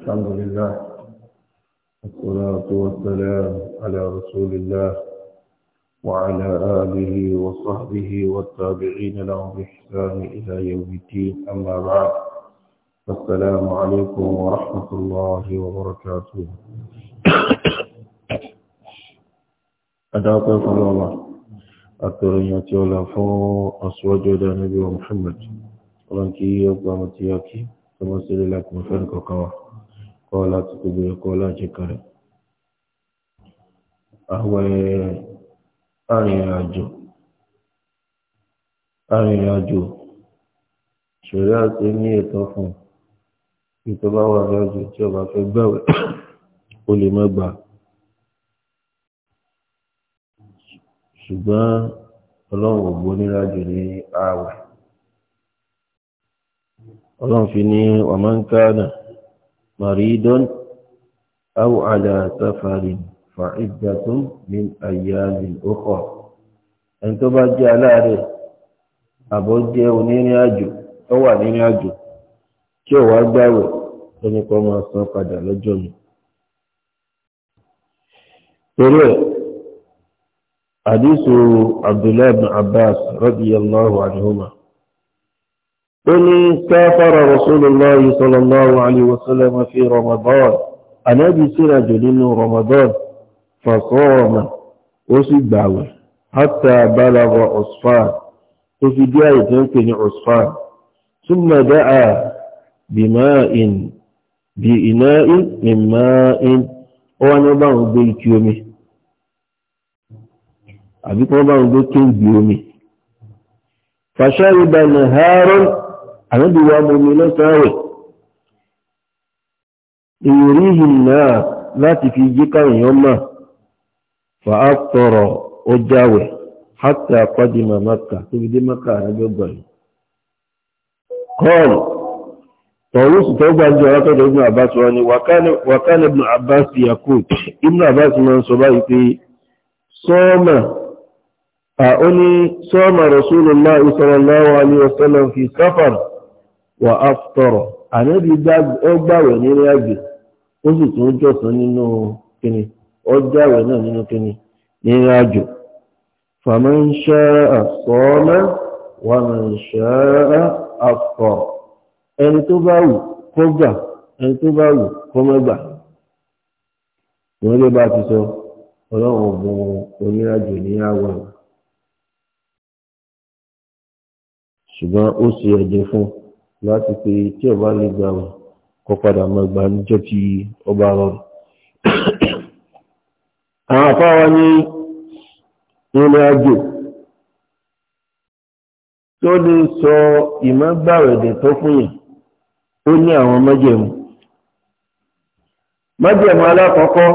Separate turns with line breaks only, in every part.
الحمد لله والصلاة والسلام على رسول الله وعلى آله وصحبه والتابعين لهم بإحسان إلى يوم الدين أما بعد السلام عليكم ورحمة الله وبركاته أدعوكم الله أكرم يتولى فو أسواج نبي محمد ولكن يبقى متياكي كما سيدي لكم فانك وقواه kọ́ láti gbogbo ẹ̀kọ́ láti kalẹ̀ àwẹ̀ arìnrìnàjò arìnrìnàjò ṣẹ̀rẹ́ àti ní ẹ̀tọ́ fún ìtọ́ bá wà rájò tí ọba fẹ́ gbẹ̀wẹ̀ ó lè mẹ́gbà ṣùgbọ́n ọlọ́run ògbó nírájò ní ààwẹ̀ ọlọ́run fi ní wàmáńkánà مريض أو على سفر فعدة من أيام أخرى ẹni tó bá jẹ́ aláàárẹ̀ àbọ̀ jẹ́ onírìn àjò tó wà nírìn àjò tí ò wá gbàwẹ̀ ẹni kan máa san padà lọ́jọ́ mi. torí ẹ̀ àdìsù Abdullahi bin Abbas radiyallahu anhuma. قل سافر رسول الله صلى الله عليه وسلم في رمضان أنا بسرج من رمضان فصام وسبعوا حتى بلغ عصفان وفي دعاية يمكن عصفان ثم دعا بماء بإناء من ماء وأنا بعض بيت يومي أبيك بيت يومي فشرب نهارا ànábì wa mú mi lọ́sàárẹ̀ ìrírí yìí náà láti fi yí káwọn èèyàn mà fà á tọrọ ó jáwẹ̀ hátà qadima Mákà tó fi dé Mákà àrẹ́jọ́ gbà yìí kọ́ọ̀lù طاووس توبة عن جهاته ابن عباس wà á tọrọ ànábì gbàwẹ̀ nínú àgbè ó sì tún jọ̀sán nínú kíni ó náà nínú kíni nínú àjò fàmọ́ ń ṣe wà mà ṣe àpọ̀ ẹni tó bá wù kó gbà ẹni tó bá wù kó mẹ́gbà wọ́n bá ti sọ ọlọ́run ọ̀gbọ̀n láti pé tí ọba lè gbà wọn kọ padà máa gbà níjọ́ tí ọba rọrùn. àwọn àfáwa ní ìrìn àjò tó lè sọ ìmọ̀gbàwẹ̀dẹ̀ tó fún yàn ó ní àwọn májẹ̀mú. májẹ̀mú alákọ̀ọ́kọ́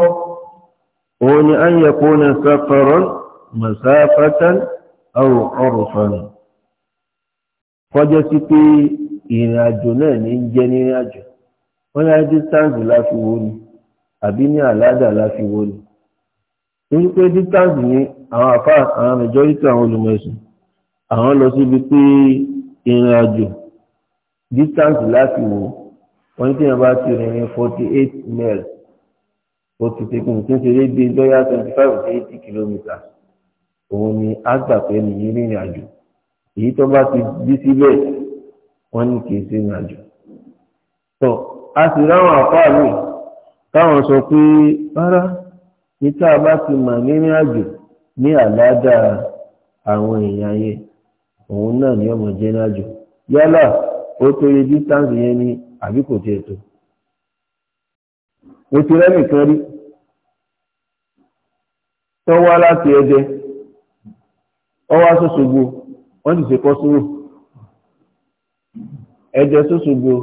òun ni an yakuna safaran masafatan aw urfan kọjá sí pé ìrìn àjò náà ní í jẹ́ ní ìrìn wọ́n ní distance la fi wo ni àbí ní àládà la wo ni torí pé distance ni àwọn àfa àwọn majority àwọn olùmọ̀ẹ̀sìn àwọn lọ síbi pé ìrìn àjò distance la fi wo wọ́n ní tí wọ́n bá ti rìnrìn forty eight miles ó ti ṣe kùn tí ń ṣe déédéé lọ́yà twenty five to eighty kilometres òun ni àgbà pé nìyí rìnrìn àjò èyí tó bá ti bí síbẹ̀ wọ́n ní kìí sí ìrìn àjò. tó a sì ráwọn àfáà mi táwọn sọ pé rárá ní tá a bá ti mà nírìn àjò ní àládà àwọn èèyàn yẹn òun náà ni ọmọ jẹ́ ní àjò yálà ó tó yẹ distance yẹn ni àbí kò tiẹ̀ tó. mo ti rẹ́ nìkan rí tó wá láti ẹ̀jẹ̀ ọwọ́ aṣọ́ṣogbo wọ́n ti ṣe kọ́ sóró. ẹ̀jẹ̀ sóṣogbo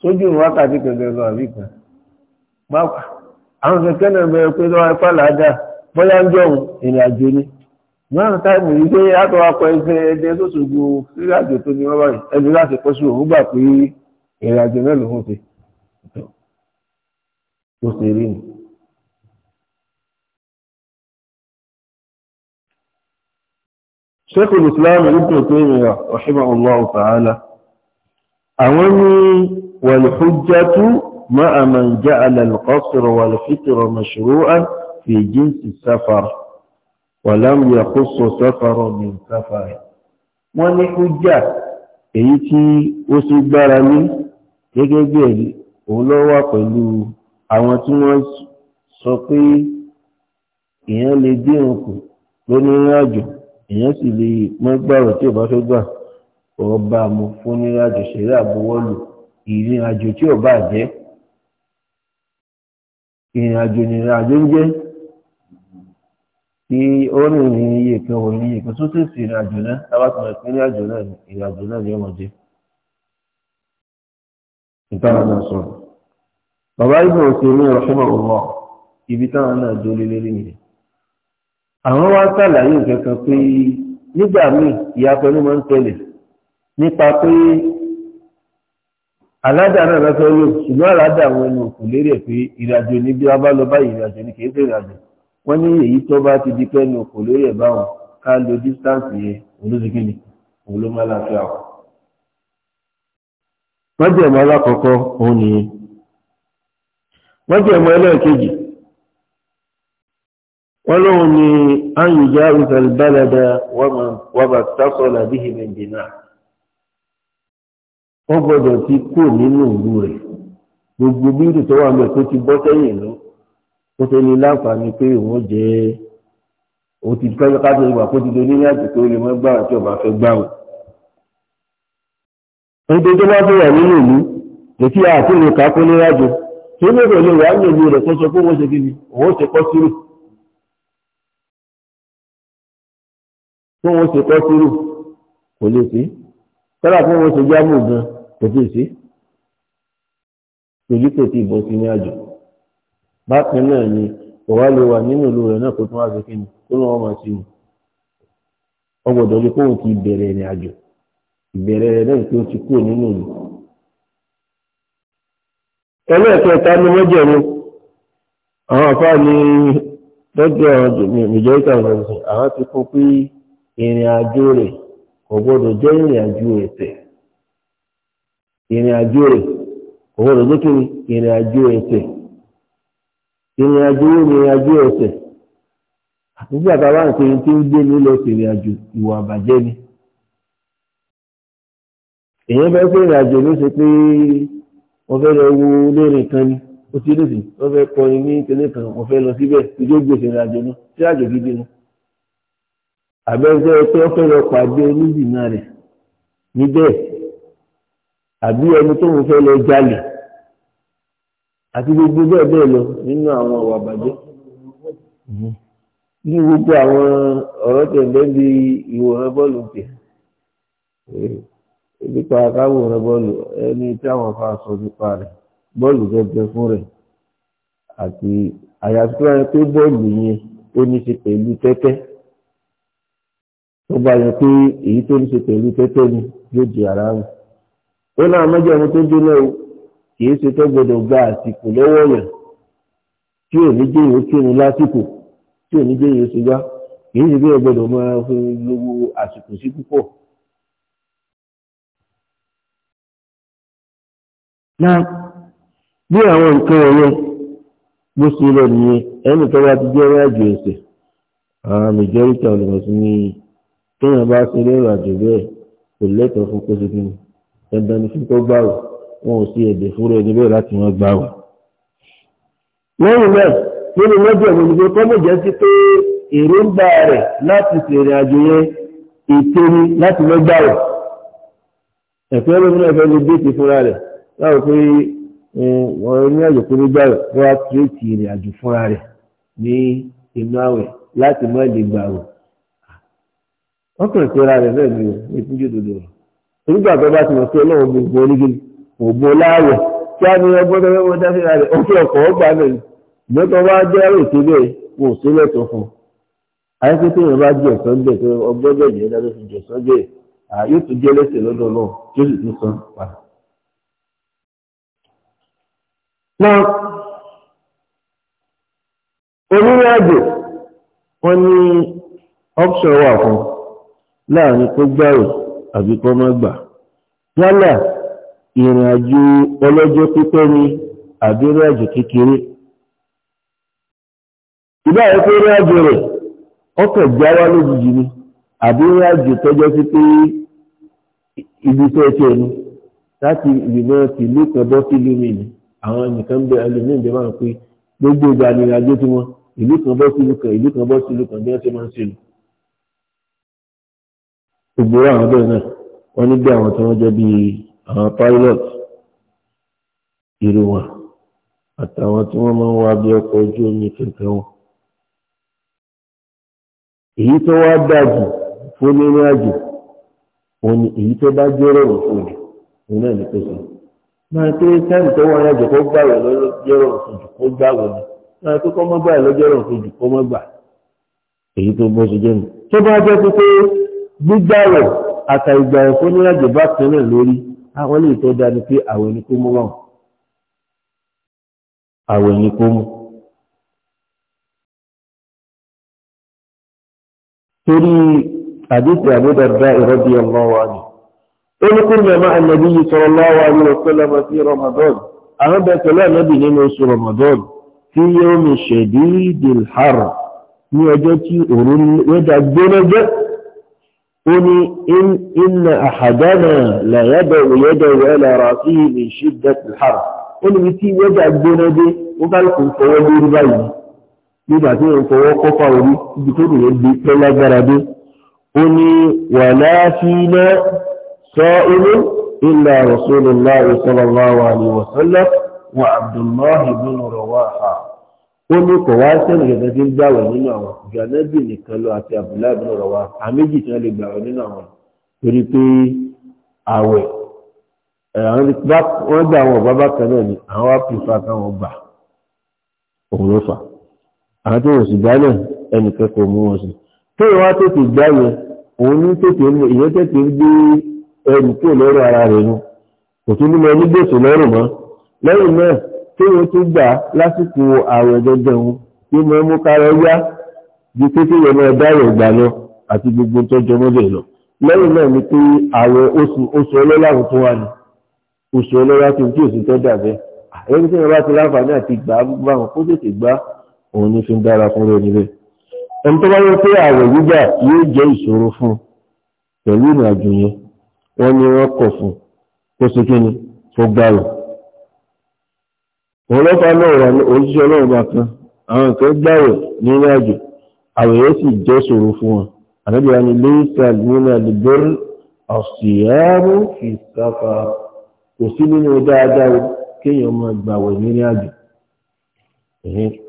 sójú wákàtí kẹ̀kẹ́ lọ àbí kan àwọn kẹ̀kẹ́ náà bẹ̀rẹ̀ pé lọ́wọ́ ẹ̀fà làájà bóyá ń jọ̀hún ìrìn àjò ni náà táìmù yìí pé àtọ́ akọ ẹsẹ̀ ẹ̀jẹ̀ sóṣogbo rírìn àjò tó ní wọ́n báyìí láti sí àwọn ní wàlùfújátú ma a ma ń já alàlùkọ́sùrù wàlùfítìrọ̀ mashru'an fi jíǹsì sáfàr wàlám yà kó sọ sáfàrọ̀ ní sáfàr wọ́n ní hujja èyí tí ó sì gbára ní gẹ́gẹ́ bí ẹ̀rí òun lọ wà pẹ̀lú àwọn tí wọ́n sọ pé èèyàn lè dín òkú lónírìn àjò èèyàn sì lè mọ́gbàrò tí ò bá fẹ́ gbà ọba mu fún nírìnàjò ṣẹlẹ̀ àbúwọ́lù ìrìnàjò tí ò bá jẹ́ ìrìnàjò ìrìnàjò ń jẹ́ tí ó rìn ní iye kan wọ ní iye kan tó tẹ̀sí ìrìnàjò náà tábàtúmọ̀ ìpínlẹ̀ àjò náà ìrìnàjò náà ni ọmọ jẹ́ ìtara náà sọ̀rọ̀ bàbá ibùdó òsè ní ọ̀ṣọ́nà ọ̀rọ̀ ibi táwọn náà jó lé lélẹ́ nìyẹn àwọn wá sàlàyé nǹkan kan pé nígbà míì ìyá pẹ̀lú máa ń tẹ̀lé nípa pé alájà náà lọ́sọ yóò ṣùgbọ́n alájà àwọn ẹnu kò lérí ẹ̀ pé ìrìnàjò ní bí wọ́n bá lọ báyìí ìrìnàjò ní kìí ṣe ìrìnàjò wọ́n ní èyí tó bá ti di pẹ́ẹ́nu kò lérí ẹ̀ báwọn ká lo distance yẹn olóṣèkìlì òun ló máa láfíà wọn. wọ́n jẹ́ ẹ̀mọ́ alákọ̀ọ́kọ́ òun nìyẹn wọ́n jẹ́ ẹ̀mọ́ ẹlẹ́ẹ̀kejì wọ́n lóun ni áyùjá ìfẹ̀lbálẹ̀dà wọ́n bá tásọ̀lá bíi mẹ́ndínà wọ́n gbọ́dọ̀ ti kó nínú ìlú rẹ̀ gbogbo bíndù tó wà mẹ́ẹ̀ tó ti bọ́ sẹ́yìn lọ ó tó ní láǹfààní pé òun jẹ́ ó ti pẹ́ ká tó ìgbà kó ti do nílé àti tó lè mọ́ gbà tí ọba fẹ́ gbà wò. níbi tó bá fẹ́ wà nínú ìlú kò àti lè ká kó níwájú tí ó lè lè wà ní ìlú rẹ̀ kó sọ pé wọ́n ṣe kíni òun ṣe kọ́ sírù. tó wọ́n ṣe kọ́ sírù kò lè sí kọ́lá fún wọn ṣe jámù gan-an. kò tí ì sí torí kò tí ì sí ní àjò bákan náà ni wà nínú ìlú rẹ̀ náà kó tún wá sí kí ni kó lọ́wọ́ máa sí ni ó gbọ́dọ̀ kóhùn ti bẹ̀rẹ̀ àjò ìbẹ̀rẹ̀ rẹ̀ náà ti nínú ìlú. ni wọ́n àwọn ni lọ́jọ́ àwọn ti pé ìrìn àjò rẹ̀ jẹ́ ìrìn àjò rẹ̀ òun rẹ̀ ìrìn àjò ẹsẹ̀ ìrìn àjò ìrìn àjò ẹsẹ̀ àtúntí tí ń gbé ní lọ ìrìn àjò ìwà àbàjẹ́ ni èèyàn bẹ́ẹ̀ pé ìrìnàjò ló ṣe pé wọ́n fẹ́ lọ wo ni ó ti wọ́n fẹ́ ní tẹ́lẹ̀ kan wọ́n fẹ́ lọ síbẹ̀ ìjọ sí àbí ẹni tó ń fẹ́ lọ jalè àti gbogbo bẹ́ẹ̀ bẹ́ẹ̀ lọ nínú àwọn ọ̀wà bàjẹ́ mhm. ní gbogbo àwọn ọ̀rọ̀ tẹ̀lé bí ìwòran bọ́ọ̀lù pè é nípa káwòrán bọ́ọ̀lù ẹni tí àwọn afa sọ nípa rẹ̀ bọ́ọ̀lù gẹ́gẹ́ fún rẹ̀ àti àyàfi tó wáyé pé bọ́ọ̀lù yẹn ó ní ṣe pẹ̀lú tẹ́tẹ́ tó bá yẹ pé èyí tó ní ṣe pẹ̀lú tẹ́tẹ́ ni yóò di àrà rẹ̀ ó náà mọ́jọ́mú tó jóná o kì í ṣe tó gbọdọ̀ gba àsìkò lọ́wọ́ yẹn tí ò ní jẹ́yìn ó kírun lásìkò tí ò ní jẹ́yìn ó ṣe wá kì í ṣe bí ẹ gbọdọ̀ máa fi lówó àsìkò sí púpọ̀. na bí àwọn nǹkan ẹ̀yẹ bó ṣe lọ nìyẹn ẹnì kan bá ti jẹ́ rájò ẹ̀sẹ̀ àwọn mẹjọ́rìtà olùmọ̀sí ni kéèyàn bá ṣe lẹ́rọ àjò bẹ́ẹ̀ kò lẹ́tọ̀ọ́ fún kó dandan ní kíkọ́ gbàwẹ̀ wọn ò sí èdè fúnra ẹni bẹ́ẹ̀ láti wọn gbàwẹ̀. lẹ́yìn náà nínú mẹ́jọ mi ni pé kọ́mọ̀jẹ́ sí pé èròǹgbà rẹ̀ láti ṣèrìn àjò yẹn ètò ni láti lọ gbàwẹ̀. ẹ̀fẹ́ ló múlẹ̀ fẹ́ lè déètì fúnra rẹ̀ láwọn pé wọ́n ní àjò pé ní gbàwẹ̀ wọ́n á tìrètì ìrìn àjò fúnra rẹ̀ ní inú àwẹ̀ láti mọ́ ìlẹ̀ gbàwẹ̀. wọ́n kàn ìpera rẹ̀ bẹ́ẹ̀ ni o ní ìpínjẹ́ òdodo rẹ̀ nígbà tó bá ti mọ̀ sí ọlọ́run gbogbo onígi ògbó láàwẹ̀ kí á ní ọgbọ́n tó fẹ́ wọ́n dá síra rẹ̀ òkè ọkọ̀ ọgbà náà ìgbẹ́ tó bá jẹ́ àrò ìkéde wò sí lẹ́tọ̀ fún un àyè pé téèyàn bá jẹ ọ̀sán jẹ tó ọgbọ́n jẹ jẹ dájọ́ fi jẹ ọ̀sán jẹ yóò tún jẹ lẹ́sẹ̀ lọ́dọ̀ náà tí ó sì tún san padà. náà onírìn àjò wọn ní ọ́pṣọ̀ wà fún láàrin tó gbàrò àbí kọ́ má gbà yálà ìrìn àjò ọlọ́jọ́ pípẹ́ ni àbí ìrìn àjò kékeré ìbáyọ̀ pé ìrìn àjò rẹ̀ ọkọ̀ já wá lójijì ni àbí ìrìn àjò tọ́jọ́ sí pé ibi tó ẹ̀ṣẹ̀ ni láti ìgbìmọ̀ tìlú kan bọ́ sí lómi ni àwọn nìkan bẹ ẹlòmíín bẹ máa ń pé gbogbo ìgbà ni ìrìn àjò tiwọn ìlú kan bọ́ sí ìlú kan ìlú kan bọ́ sí ìlú kan bí wọ́n ti máa ń ṣe lò gbogbo àwọn bẹ́ẹ̀ náà wọ́n ní bí àwọn tí wọ́n jẹ́ bí àwọn pilot irú wọn àtàwọn tí wọ́n máa ń wá bí ọkọ̀ ojú omi kẹ̀kẹ́ wọn. èyí tó wá dájú fún nínú àjò òun ni èyí tó bá jẹ́ rọrùn fún mi òun náà ní pèsè. máa pé táìmù tó wọ́n yàjọ kó gbàwẹ̀ lọ́jọ́ rọrùn fún jù kó gbàwẹ̀ máa pé kó mọ́ lọ́jọ́ rọrùn fún jù kó mọ́ gbà èyí tó bọ́ sí gbígbàwẹ̀ àtà ìgbàwẹ̀ kó ní àjò bá tẹ́lẹ̀ lórí àwọn lè tó dáa ni pé àwẹ̀ ni kó mú wọn àwẹ̀ ni kó mú torí àdìsí àbúdàdá ìrọ́bí ọmọ wa ni ó ní kó mẹ́má ànàbí yìí sọ̀rọ̀ láwà ní ọ̀pẹ́lẹ̀ mọ́ sí Ramadan àwọn bẹ̀rẹ̀ pẹ̀lú ànàbí nínú oṣù Ramadan tí yóò mi ṣẹ̀dí dìlhàr ní ọjọ́ tí òru wẹ́dà gbóná jẹ́ قولي إن, إن أحدنا لا يدع يدع على رأسه من شدة الحر قولي متي وجع وقال دي وقالكم فوضي رباي يدع فيهم فوق فوري يقولوا يدي كلا جربي قولي ولا فينا سائل إلا رسول الله صلى الله عليه وسلم وعبد الله بن رواحة ó ní kò wá sẹ́nì gẹ́gẹ́ tí ń gbàwẹ̀ nínú àwọn ìjọ anábì nìkan lọ àti àbúlá ìbùnú ọ̀rọ̀ wa àméjì tí wọ́n lè gbàwẹ̀ nínú àwọn torí pé àwẹ̀ wọ́n gba àwọn ọ̀gbá bákan náà ni àwọn wá pìfà káwọn gbà òun ló fà àwọn tí wọ́n sì gbá náà ẹnìkan kò mú wọn sí tó wá tètè gbá yẹn òun ní tètè mú ìyẹn tètè ń gbé ẹnì kúrò lọ́rọ̀ ara rẹ̀ nu kò tún ní lọ ní lọ́rùn mọ́ lẹ́yìn náà tí wọ́n tó gbà lásìkò ààrẹ dandan wọn tí mo mú kára yá ju pé kí wọ́n máa dáyọ̀ gbà lọ àti gbogbo tó jọ mọ́lẹ̀ lọ lẹ́yìn náà ni pé àwọn oṣù oṣù ọlọ́lá àwọn tó wà ní oṣù ọlọ́lá tó tí òsì tọ́ dàbẹ́ ẹni tí wọ́n bá ti láǹfààní àti gbà á bá wọn kó tètè gbá òun ní fi ń dára fún rẹ níbẹ̀ ẹni tó bá yẹ pé ààrẹ gbígbà yóò jẹ́ ìṣòro fún pẹ̀lú ìrìn yẹn wọ́n ní wọ́n kọ̀ fún kó ọlọ́pàá náà rà òjíṣẹ́ ọlọ́run bá kan àwọn nǹkan gbààwẹ̀ nínú àjò àwẹ̀ yóò sì jẹ́ ṣòro fún wọn àbẹ́bí wa ni lẹ́yìnsà nínú àdìbẹ́rù ọ̀sìyàrú fi sáfà kò sí nínú dáadáa kéèyàn máa gbààwẹ̀ nínú àjò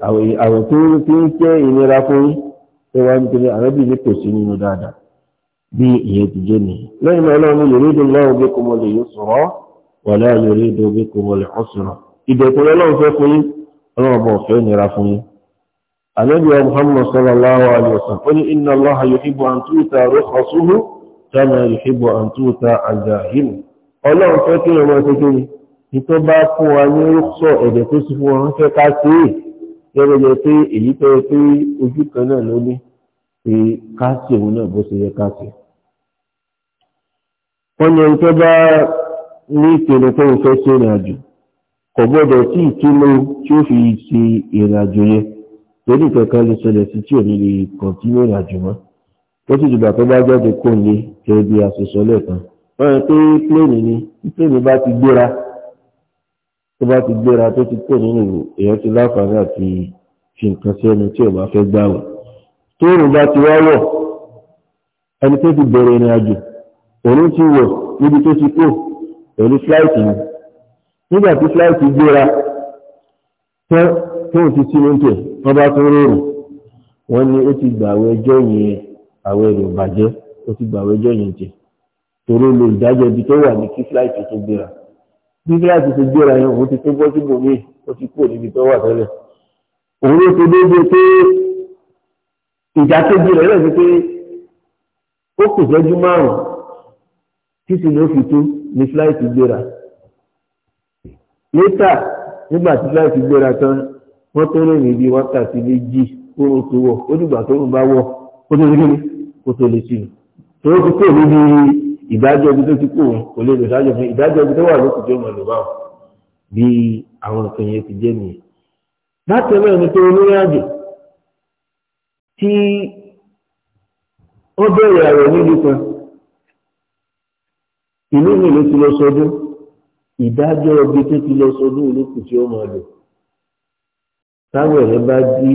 àwẹ̀ tó ń fi ń jẹ́ ìnira fún yín ẹ wá nítorí àbẹ́bí ni kò sí nínú dáadáa bí ìyẹn ti jẹ́ nìyí lẹ́yìn náà ọlọ́run yòrídùn láwọn ìdẹ̀kùn ọlọ́run fẹ́ fún yín ọlọ́run ọba ọ̀fẹ́ nira fún yín alẹ́bí ọmọ muhammad sallallahu alayhi wa sallam ó ní inna allaha yuhibbu an tu'ta rukhasuhu kama yuhibbu an tu'ta azahimu ọlọ́run fẹ́ kí ọmọ ẹsẹ̀ kí ni tó bá ní rúkṣọ tó ń fẹ́ sí ìrìn àjò kò gbọ́dọ̀ tí ìtúlò tí ó fi ṣe ìrìnàjò yẹn torí kankan lè ṣẹlẹ̀ sí tí ò ní lè kọ̀tínú ìrìnàjò mọ́ ó sì jùgbà tó bá jáde kó lè jẹ́ bí àṣìṣọ́ lẹ́ẹ̀kan wọ́n yẹ pé pléènì ni tí pléènì bá ti gbéra tó bá ti gbéra tó ti kó nínú ìlú èèyàn ti láǹfààní àti fi nǹkan sẹ́nu tí ò bá fẹ́ gbààwẹ̀ tóòrùn bá ti wá wọ̀ ẹni tó ti bẹ̀rẹ̀ ìrìnàjò òun ti wọ̀ níbi tó ti kó pẹ̀lú fláìtì nígbà tí fúláìtì gbéra tán tó ti sínú tè wọ́n bá tún rọrùn wọ́n ní ó ti gbà àwọn ẹjọ́ yẹn àwọn èrò bàjẹ́ ó ti gbà àwọn ẹjọ́ yẹn tè torí lo ìdájọ́ ibi tó wà ní kí fúláìtì tó gbéra bí fúláìtì tó gbéra yẹn òun ti tó bọ́ síbò míì ó ti kúrò níbi tó wà tẹ́lẹ̀ òun ló ti déédéé pé ìdákéjì rẹ̀ lẹ́sìn pé ó kò sẹ́jú márùn-ún títí ló fi tó ní fúláìtì gbéra létà nígbà tí láti gbéra tán wọ́n tó rìn níbi wákàtí méjì kóró tó wọ̀ ó dìgbà tó ń bá wọ̀ ó tó rí kó tó lè sí i tó ó ti kó níbi ìdájọ́ ibi tó ti kó òun kò lè lò sáájọ́ fún ìdájọ́ ibi tó wà lókùn tó mọ̀ lò báwọn bí àwọn nǹkan yẹn ti jẹ́ nìyẹn. bákan náà ni pé onírìn àjò tí ó bẹ̀rẹ̀ àrẹ̀ nílùú kan ìlú mi ló ti lọ sọdún ìdájọ́ ibi tó ti lọ sọdú olókùn tí ó máa lò táwọn ẹ̀rẹ́ bá jí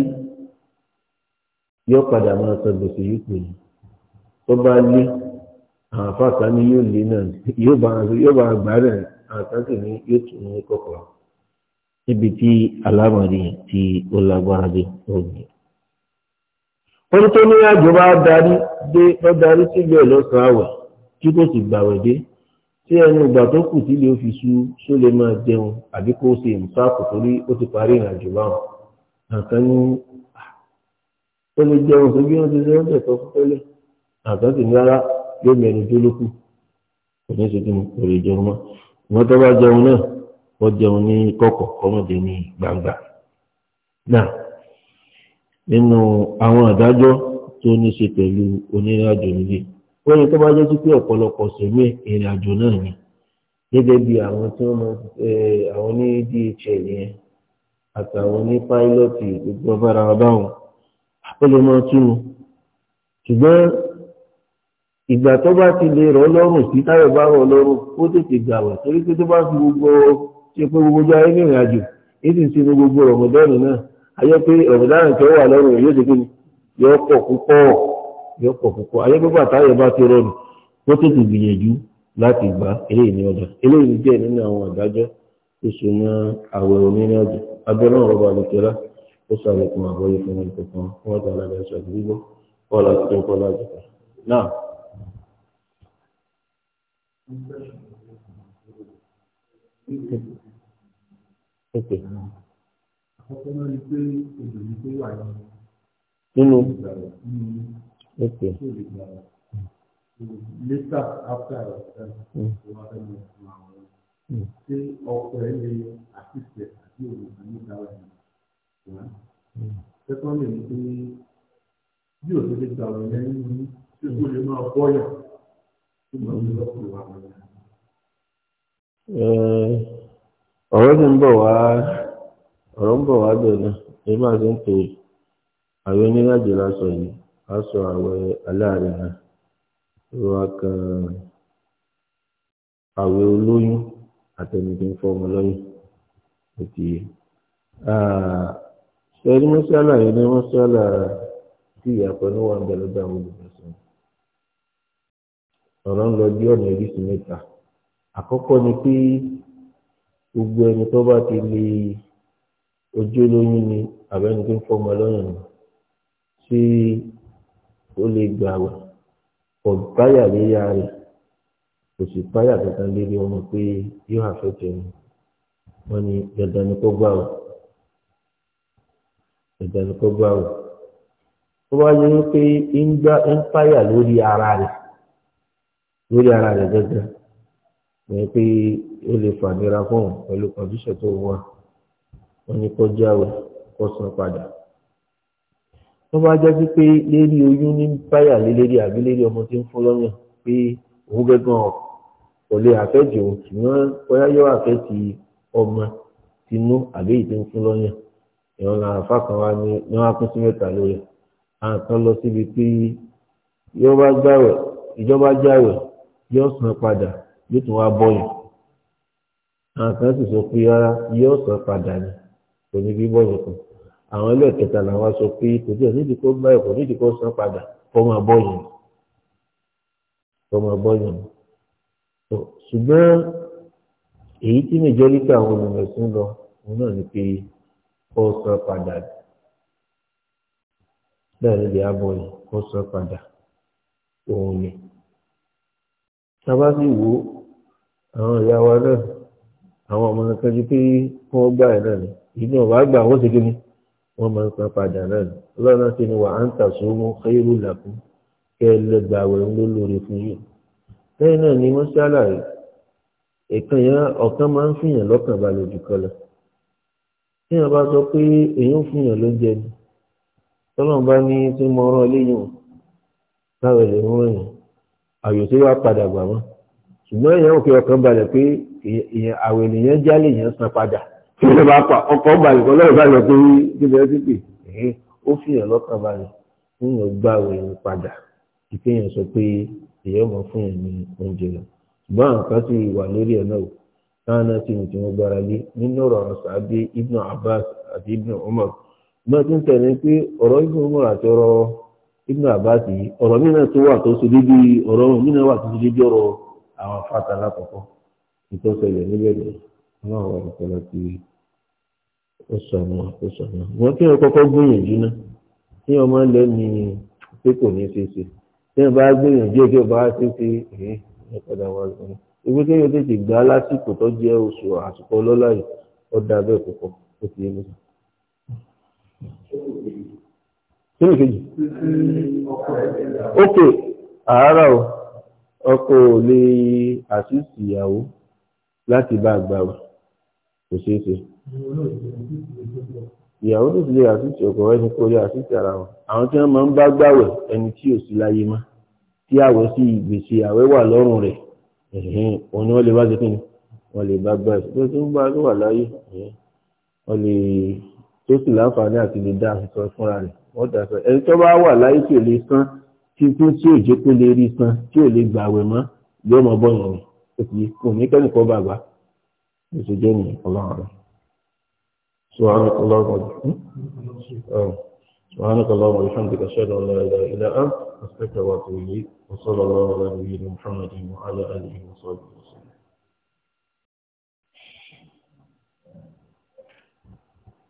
yọ padà máa sọ gbèsè yìí pè ní tó bá lé àwọn afáàkà ni yóò lé náà yóò bá yóò bá gbà rẹ̀ àtàkì ni yóò tún ní kọ̀kọ̀ níbi tí alámọ̀rí tí ó lágbára dé lónìí. wọ́n tó ní àjọ bá darí dé bá darí sílẹ̀ lọ́sàn-án àwẹ̀ tí kò sì gbàwẹ̀ dé tí ẹnu ìgbà tó kù tí ilé ó fi ṣú ṣó lè máa jẹun àbí kó ṣe ìmùsáàkù torí ó ti parí ìrìnàjò báwọn nǹkan ní ah, ó lè jẹun tó bí wọn ti ṣe ọbẹ tó tẹ́lẹ̀ nǹkan sì ní rárá yóò mẹnu tó lókù kò ní ṣe kí ni kò lè jẹun mọ́ ìwọ́n tó bá jẹun náà wọ́n jẹun ní kọ̀kọ̀ ọmọdé ní gbangba náà nínú àwọn àdájọ́ tó ní ṣe pẹ̀lú onírìnàjò nílé. ó yẹ tó bá jẹ́ sí pé ọ̀pọ̀lọpọ̀ sèmi ìrìn àjò náà ni gẹ́gẹ́ bí àwọn tí wọ́n máa àwọn ní DHL yẹn àtàwọn ní gbogbo ó lè máa túnu ṣùgbọ́n ìgbà tó bá ti lè lọ́rùn sí táyọ̀ bá rọ̀ lọ́rùn ó tètè gbogbo ṣe pé gbogbo ayé gbogbo náà ayọ́ pé tó wà lọ́rùn yóò yóò pọ̀ púpọ̀ ayé gbogbo àtàyè bá ti rọrùn wọ́n tètè gbìyànjú láti gbà eléyìí ní ọjà eléyìí jẹ́ nínú àwọn àdájọ́ tó so mọ́ àwẹ̀ onírìn àjò abẹ́rẹ́ ọ̀rọ̀ bá lè tẹ́lá ó sàlékún àbọ̀yé fún wọn kọ̀ọ̀kan fún ọjà alága ẹ̀ṣọ́ àdúgbò wọ́n láti tó ń kọ́ láti kà náà. Nínú. Okay. Uh, Later after I was done, we were done with my own. Ṣé ọkọ ẹ lè àtìsẹ̀ àti òògùn nígbà wà ní ìwà? Sẹ́kọ́ndì ni pé bí òṣèlú lè gba ọ̀rọ̀ yẹn nínú ṣé kó lè máa bọ́yọ̀ tó máa ń Ọ̀rọ̀ ti ń bọ̀ wá ọ̀rọ̀ ń bọ̀ wá bẹ̀rẹ̀ ẹ máa ti ń pè àwọn onírìnàjò lásán yìí á sọ àwẹ̀ aláàrẹ̀ náà ìrora kan àwẹ̀ olóyún àtẹni tí ń fọmọ lọ́yìn òkè ṣẹ́ni mọ́ṣálà yìí ni mọ́ṣálà tí ìyàpọ̀ ní wà ń bẹ̀rẹ̀ lọ́dọ̀ àwọn olùdásán ọ̀rọ̀ ń lọ bí ọ̀nà oríṣi mẹ́ta àkọ́kọ́ ni pé gbogbo ẹni tó bá ti lè ojú olóyún ni àbẹ́ni tó ń fọmọ lọ́yìn ni ṣé ó lè gbà wẹ̀ kò báyà léyà rẹ̀ kò sì báyà kankan lérí ọmọ pé yóò àfẹ́tẹ̀ ni wọ́n ní dandan ni kó gbà wẹ̀ dandan ni kó gbà wẹ̀ tó bá yẹ pé ń gbá ń báyà lórí ara rẹ̀ lórí ara rẹ̀ dandan wọ́n pé ó lè fànírà fún òun pẹ̀lú kọ̀díṣọ̀ tó wà wọ́n ní kó jáwé kó san padà tó bá jẹ́ sí pé lérí oyún ní báyà lélérí àbí lérí ọmọ tí ń fún lọ́yàn pé òun gẹ́gàn kò lè àfẹ́tì òun ṣùgbọ́n bóyá yóò àfẹ́tì ọmọ tinú àbí èyí tí ń fún lọ́yàn ìran náà àfa kan wá ní ní wọn á kún sí mẹ́ta lórí àwọn kan lọ síbi pé ìjọba jáwẹ̀ yóò san padà yóò tún wá bọ́yìn àwọn sì sọ pé rárá yóò san padà ní òní bí bọ́yìn kan àwọn ilé ìkẹta làwọn sọ pé kò tí ò nídìí kó bá ẹ̀kọ́ nídìí kó san padà kó máa bọ́ yẹn kó máa bọ́ yẹn ṣùgbọ́n èyí tí mẹjọ́rítà àwọn olùmọ̀sán lọ òun náà ni pé kó san padà bẹ́ẹ̀ ni ìyá bọ̀ yẹn kó san padà òun ni tábà sì wò àwọn ìyá wa náà àwọn ọmọ nǹkan ju pé kí gbà ẹ̀ náà ni ìdí ọ̀bá gbà wọ́n ṣe kí ni wọ́n máa ń san padà náà lọ́nà tí ni wà á ń tasumu khairu lakum kẹ́ ẹ lè gbà wẹ̀ ń lólórí fún yìí. lẹ́yìn náà ni wọ́n ṣàlàyé èkán yẹn ọ̀kan máa ń fìyàn lọ́kàn balẹ̀ jù lọ. tí wọ́n bá sọ pé èèyàn fìyàn ló jẹ ni tọ́lọ́n bá ní tí mo rán léyìn láwọn èlé ń rìn àyò tí wàá padà gbà wọ́n ṣùgbọ́n èèyàn òkè ọkàn balẹ̀ pé àwẹ̀ ènìyàn jálè yẹn san padà. kí bá pa ọkọ̀ balẹ̀ kọ́ lọ́wọ́ balẹ̀ pé kí ló ti pè é ó fi hàn lọ́kàn balẹ̀ nínú padà ìkéyàn sọ pé ọmọ fún ní oúnjẹ lọ ṣùgbọ́n àwọn kan ẹ̀ náà táwọn náà gbára lé nínú ọ̀rọ̀ Abbas àti ibn Umar ti pé ọ̀rọ̀ ibn Umar àti ọ̀rọ̀ ibn ó sọnù ó sọnù wọn kí wọn kọ́kọ́ gbìyànjú náà kí wọn máa lẹ́nu pé kò ní ṣe ṣe tí wọn bá gbìyànjú èké bá ṣe ṣe èé ní padà wà lọ́nà ìwé tí wọn tètè gbà lásìkò tó jẹ́ oṣù àsìkò ọlọ́lá yìí ó dá bẹ́ẹ̀ púpọ̀ ó ti yé mi sọ. kí ni kejì ókè àárọ̀ ọkọ ò lè àṣìṣì ìyàwó láti bá a gbà wà kò ṣeé ṣe ìyàwó tó ti lè àtúntì ọkọ ẹni kó lè àtúntì ara wọn àwọn tí wọn máa ń bá gbàwẹ̀ ẹni tí ò sí láyé mọ́ tí àwẹ̀ sí ìgbésí àwẹ̀ wà lọ́rùn rẹ̀ òun ni wọn lè bá ṣe kíni wọn lè bá gbà ìṣúgbọ́n tó ń bá ló wà láyé wọn lè tó sì láǹfààní àti lè dá àṣìṣọ fúnra rẹ̀ wọn dà sọ ẹni tó bá wà láyé tí ò lè san títún tí ò jẹ́ kó lè rí san tí ò lè gbàwẹ̀ mọ́ yóò mọ bọyàn rẹ̀ kò ní kẹ́nìkan bàbá ìṣèjẹ́ nìyẹn سبحانك اللهم وبحمدك آه. سبحانك اللهم وبحمدك أشهد أن لا إله إلا أنت أستغفرك وأتوب إليك وصلى الله على نبينا محمد وعلى آله وصحبه